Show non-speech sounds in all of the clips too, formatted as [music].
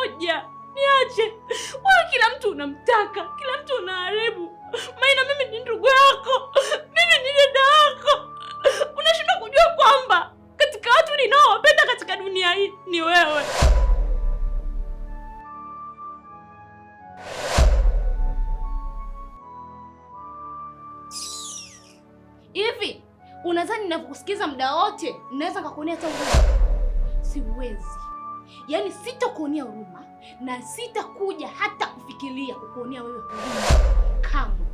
moja. Niache wewe, kila mtu unamtaka, kila mtu unaharibu. Maina, mimi ni ndugu yako, mimi ni dada yako. Unashindwa kujua kwamba katika watu ninaowapenda katika dunia hii ni wewe. Hivi unadhani ninavyokusikiza muda wote naweza kakuonea hata? Siwezi yaani sitakuonea huruma na sitakuja hata kufikiria kukuonea wewe huruma kamwe.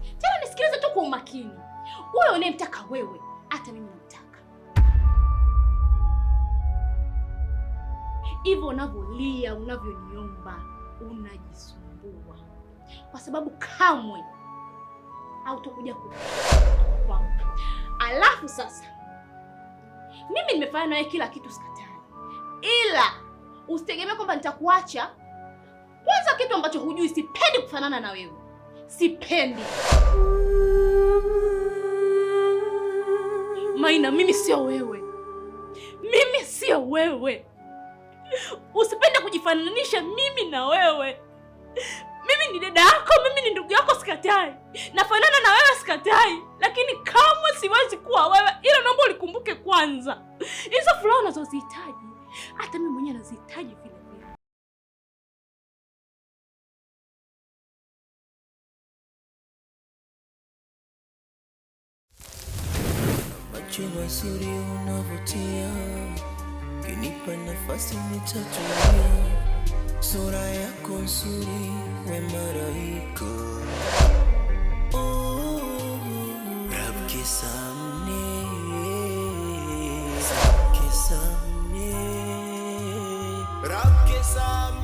Tena nisikilize tu kwa umakini, wewe unayemtaka wewe, hata mimi namtaka. Hivyo unavyolia, unavyoniomba, unajisumbua kwa sababu kamwe hautokuja ku alafu sasa mimi nimefanya nawe kila kitu, sikatai, ila usitegemee kwamba nitakuacha. Kwanza kitu ambacho hujui, sipendi kufanana na wewe, sipendi Maina. Mimi sio wewe, mimi sio wewe. Usipende kujifananisha mimi na wewe. Mimi ni dada yako, mimi ni ndugu yako, sikatai. Nafanana na wewe, sikatai, lakini kamwe siwezi kuwa wewe, ila naomba ulikumbuke kwanza hizo furaha unazozihitaji hata mimi mwenyewe nazihitaji vile vile. Macho siri unavutia, kinipa nafasi nitatulia. Sura yako nzuri, we maraika Rab ke रब के सामने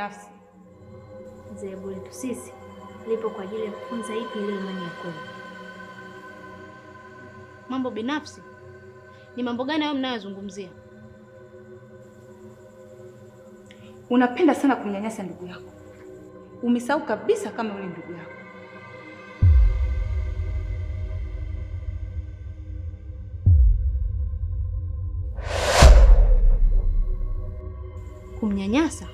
binafsi. Dhehebu letu sisi lipo kwa ajili ya kufunza ipi ile imani ya kweli. Mambo binafsi ni mambo gani hayo mnayozungumzia? Unapenda sana kumnyanyasa ndugu yako, umesahau kabisa kama yule ndugu yako kumnyanyasa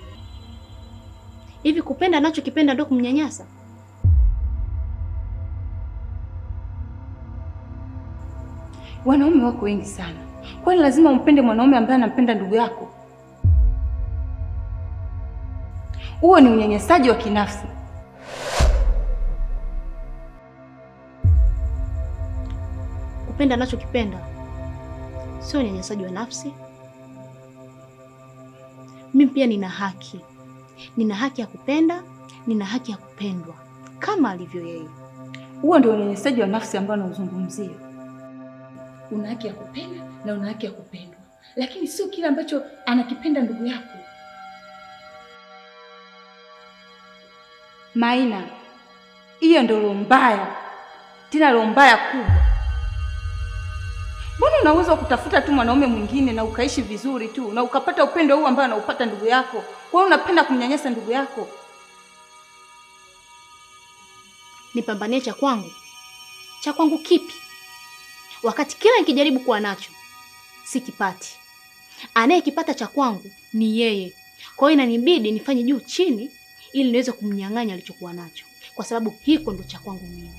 Hivi kupenda anachokipenda ndio kumnyanyasa? Wanaume wako wengi sana, kwani lazima umpende mwanaume ambaye anampenda ndugu yako? Huo ni unyanyasaji wa kinafsi. Kupenda anachokipenda sio unyanyasaji wa nafsi. Mimi pia nina haki nina haki ya kupenda, nina haki ya kupendwa kama alivyo yeye. Huo ndio unyenyesaji wa nafsi ambao nauzungumzia. Una haki ya kupenda na una haki ya kupendwa, lakini sio kile ambacho anakipenda ndugu yako. Maina, hiyo ndio roho mbaya, tena roho mbaya kubwa. Mbona unaweza wa kutafuta tu mwanaume mwingine na ukaishi vizuri tu na ukapata upendo huu ambao anaupata ndugu yako? Wewe unapenda kumnyanyasa ndugu yako. Nipambanie cha kwangu? Cha kwangu kipi? Wakati kila nikijaribu kuwa nacho sikipati. Anayekipata cha kwangu ni yeye. Kwa hiyo inanibidi nifanye juu chini ili niweze kumnyang'anya alichokuwa nacho, kwa sababu hiko ndo cha kwangu mimi.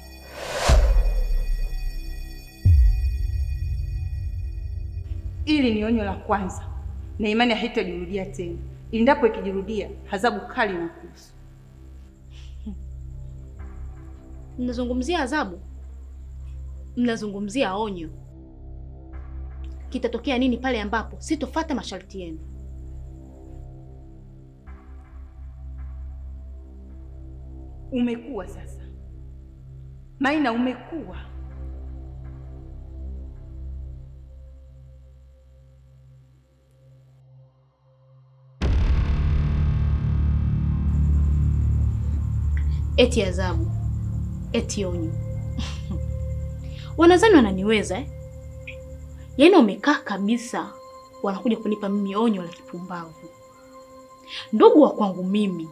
Ili ni onyo la kwanza, na imani haitajirudia tena. Endapo ikijirudia, adhabu kali na kuhusu. Hmm. Mnazungumzia adhabu, mnazungumzia onyo. Kitatokea nini pale ambapo sitofata masharti yenu? Umekuwa sasa, Maina, umekuwa eti adhabu, eti onyo. [laughs] Wanadhani wananiweza eh? Yaani wamekaa kabisa, wanakuja kunipa mimi onyo la kipumbavu, ndugu wa kwangu mimi,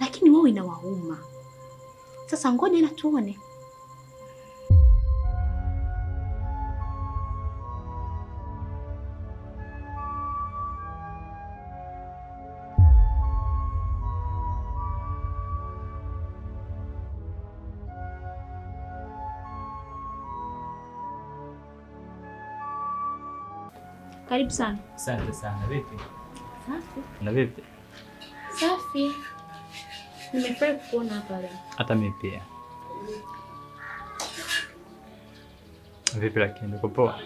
lakini wao inawauma. Sasa ngoja na tuone. Karibu sana. Asante sana. Vipi? Safi. Na vipi? Safi. Nimefurahi kukuona hapa leo. Hata mimi pia. Vipi lakini niko poa?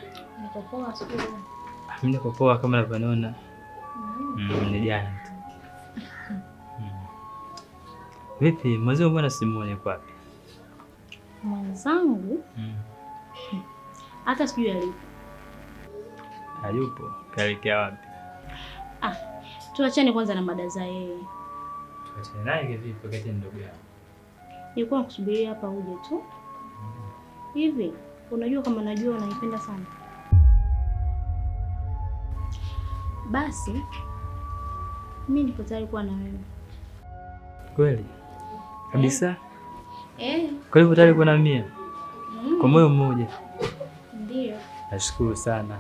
Niko poa sana. Mimi niko poa kama unavyoona. Mm. mm, ni jana tu. Mm. Vipi, mwenzangu mbona simuoni kwa wapi? Mwenzangu? Mm. Hata sijui alipo. Hayupo, kaelekea wapi? Ah, tuachane kwanza na mada za yeye. Tuachane naye kivipi wakati ndugu yao? Nilikuwa nakusubiria hapa uje tu. Hivi unajua kama najua unaipenda sana basi, mimi niko tayari kuwa na wewe. Kweli kabisa eh? eh. Kwa hivyo tayari kuwa na mie mm. kwa moyo mmoja? Ndio. Nashukuru sana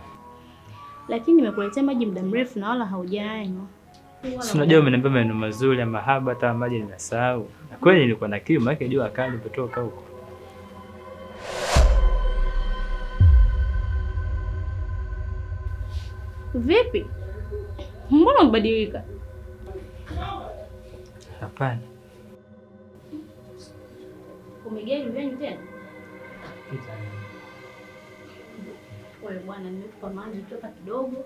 lakini nimekuletea maji muda mrefu na wala haujanywa. Si unajua umeniambia maneno mazuri ya mahaba, hata maji nimesahau. Na kweli nilikuwa na kiu, maana jua kali lipotoka huko. Vipi, mbona umebadilika? Hapana, Umegeuka nyumbani tena pole bwana, nimekupa maji toka kidogo,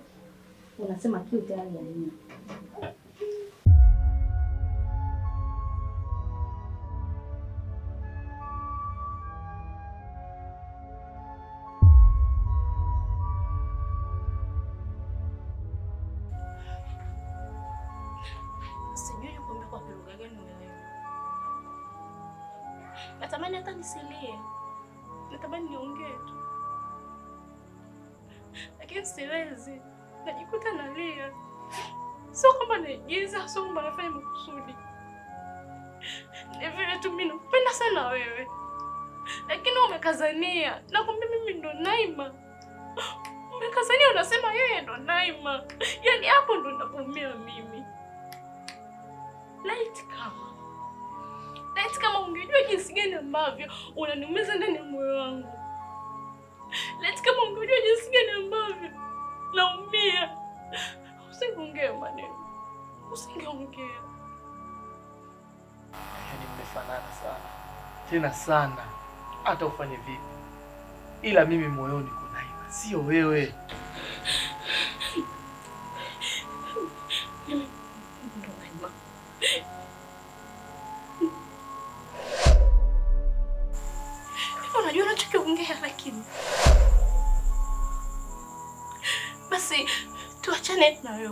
unasema kiu tayari ya nini? Natamani hata nisilie, natamani niongee tu siwezi, najikuta nalia. Sio kwamba naigiza, sio kwamba nafanya makusudi, ni vile tu mimi nakupenda sana wewe, lakini umekazania. Nakwambia mimi ndo Naima, umekazania, unasema yeye ndo Naima. Yaani hapo ndo naumia mimi. Laiti kama laiti kama ungejua jinsi gani ambavyo unaniumiza ndani ya moyo wangu Leti kama ungejua jinsi gani ambavyo naumia, usingeongea maneno, usingeongea. Yaani mmefanana sana tena sana, hata ufanye vipi, ila mimi moyoni kuna hila, sio wewe.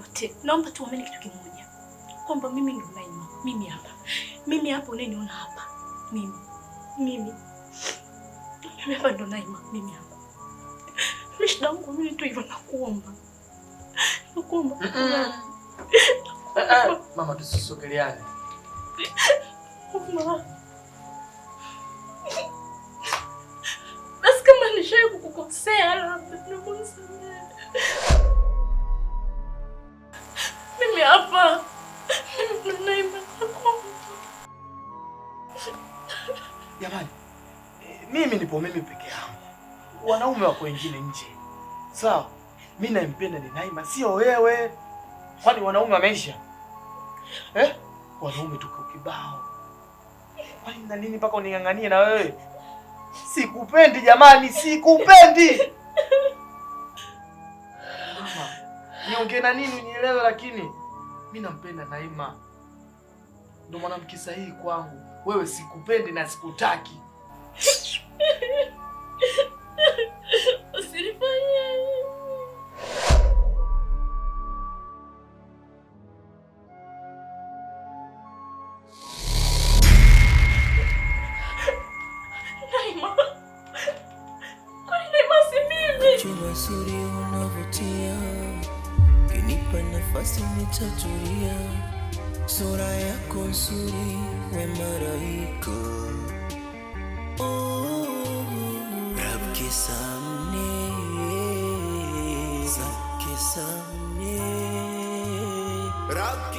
yote, naomba tuamini kitu kimoja kwamba mimi ndio Naima, mimi hapa, mimi hapa, unaniona hapa mimi, mimi mimi hapa ndo Naima, mimi hapa. Mishida yangu mimi tu hivyo, nakuomba nakuomba, eh, eh, mama, tusisogeleane mama Jamani, mimi nipo mimi peke yangu, wanaume wako wengine nje. Sawa, mimi nampenda ni Naima, sio wewe. Kwani wanaume wameisha eh? Wanaume tuko kibao. Kwani na nini mpaka uning'ang'anie na wewe? Sikupendi jamani, sikupendi niongee na nini unielewe, lakini mimi nampenda Naima, ndio mwanamke sahihi kwangu wewe sikupendi na sikutaki. kisamne zakkisamne rak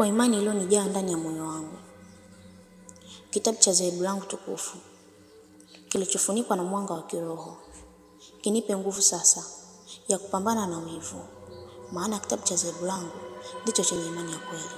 kwa imani iliyonijaa ndani ya moyo wangu. Kitabu cha zehebu langu tukufu kilichofunikwa na mwanga wa kiroho kinipe nguvu sasa ya kupambana na wivu, maana kitabu cha zehebu langu ndicho chenye imani ya kweli.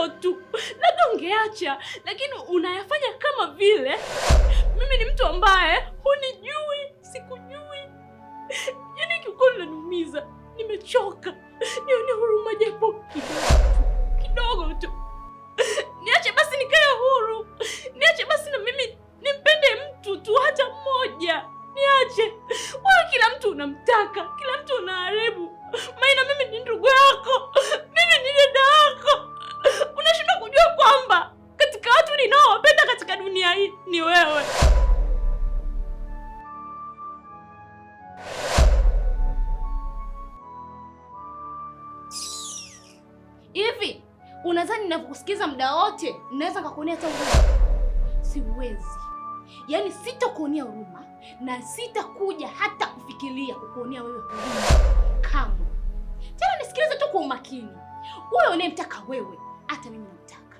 hilo tu, labda ungeacha, lakini unayafanya kama vile mimi ni mtu ambaye Unadhani ninakusikiza muda wote naweza kukuonea hata huruma? Siwezi. Yaani sitakuonea huruma na sitakuja hata kufikiria kukuonea wewe huruma kamwe. Tena nisikilize tu kwa umakini, wewe unayemtaka wewe, hata mimi namtaka.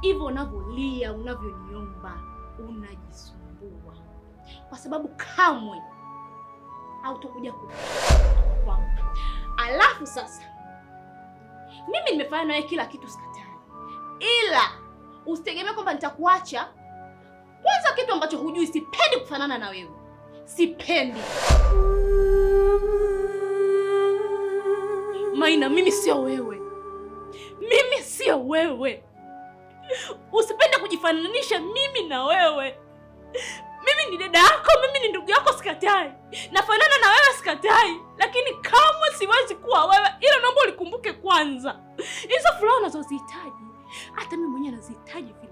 Hivyo unavyolia, unavyoniomba, unajisumbua kwa sababu kamwe hautakuja ku Alafu sasa mimi nimefanya nawe kila kitu sikatani, ila usitegemee kwamba nitakuacha. Kwanza kitu ambacho hujui, sipendi kufanana na wewe, sipendi Maina. Mimi sio wewe, mimi sio wewe. Usipende kujifananisha mimi na wewe dada yako, mimi ni ndugu yako, sikatai. Nafanana na wewe, sikatai, lakini kamwe siwezi kuwa wewe, ila naomba ulikumbuke kwanza hizo furaha unazozihitaji, hata mimi mwenyewe nazihitaji.